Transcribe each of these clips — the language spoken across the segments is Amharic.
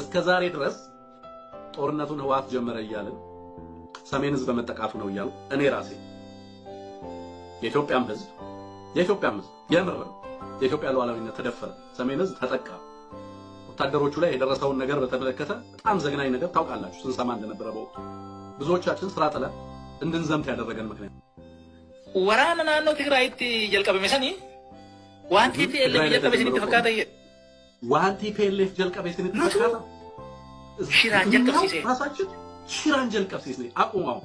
እስከ ዛሬ ድረስ ጦርነቱን ህወሓት ጀመረ እያልን ሰሜን ህዝብ በመጠቃቱ ነው እያሉ እኔ ራሴ የኢትዮጵያም ህዝብ የኢትዮጵያም ህዝብ የምር የኢትዮጵያ ሉዓላዊነት ተደፈረ፣ ሰሜን ህዝብ ተጠቃ። ወታደሮቹ ላይ የደረሰውን ነገር በተመለከተ በጣም ዘግናኝ ነገር ታውቃላችሁ፣ ስንሰማ እንደነበረ በወቅቱ ብዙዎቻችን ስራ ጥለ እንድንዘምት ያደረገን ምክንያት ወራና ናኖ ትግራይ ጀልቀበመሰኒ ዋንቲ ጀልቀበሰኒ ተፈቃደ waan ቲፒኤልኤፍ jalqabeesanii fakkaata shiraan jalqabsiise raasaachin shiraan jalqabsiisne አቁማው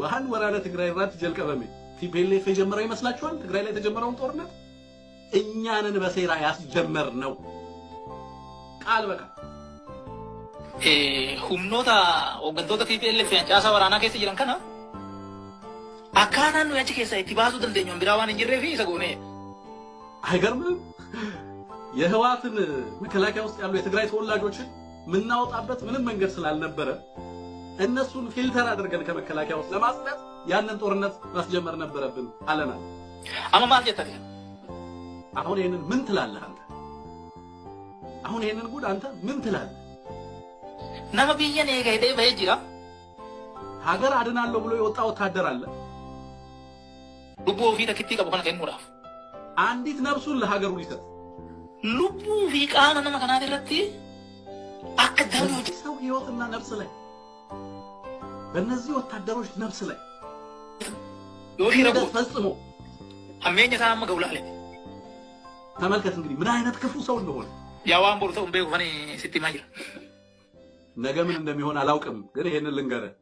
waan ወራነ ትግራይ irratti jalqabame ቲፒኤልኤፍ የጀመረው ይመስላችኋል? ትግራይ ላይ የተጀመረውን ጦርነት እኛንን በሴራ ያስጀመር ነው። ቃል በቃ ሁምኖታ ወገንቶታ ቲፒኤልኤፍ ጫሳ ወራና ኬስ ጅራን ከና አካናኑ ያቺ ኬሳ ኢቲባሱ ደንደኛን ቢራዋን እንጅሬ ፊ ሰጎኔ አይገርምም? የህዋትን መከላከያ ውስጥ ያሉ የትግራይ ተወላጆችን የምናወጣበት ምንም መንገድ ስላልነበረ እነሱን ፊልተር አድርገን ከመከላከያ ውስጥ ለማጽዳት ያንን ጦርነት ማስጀመር ነበረብን አለናል። አሁን ይህንን ምን ትላለህ አንተ? አሁን ይህንን ጉድ አንተ ምን ትላለህ? ሀገር አድናለሁ ብሎ የወጣ ወታደር አለ። አንዲት ነብሱን ለሀገሩ ሊሰጥ lubbuu fi qaama nama kanaa irratti akka ሰው ህይወትና ነፍስ ላይ በእነዚህ ወታደሮች ነፍስ ላይ ፈጽሞ አሜኝ ታማ ገውላለ ተመልከት እንግዲህ ምን አይነት ክፉ ሰው እንደሆነ ያዋን ቦርተው እንበይ ሆነ ስትማጅር ነገ ምን እንደሚሆን አላውቅም፣ ግን ይሄንን ልንገርህ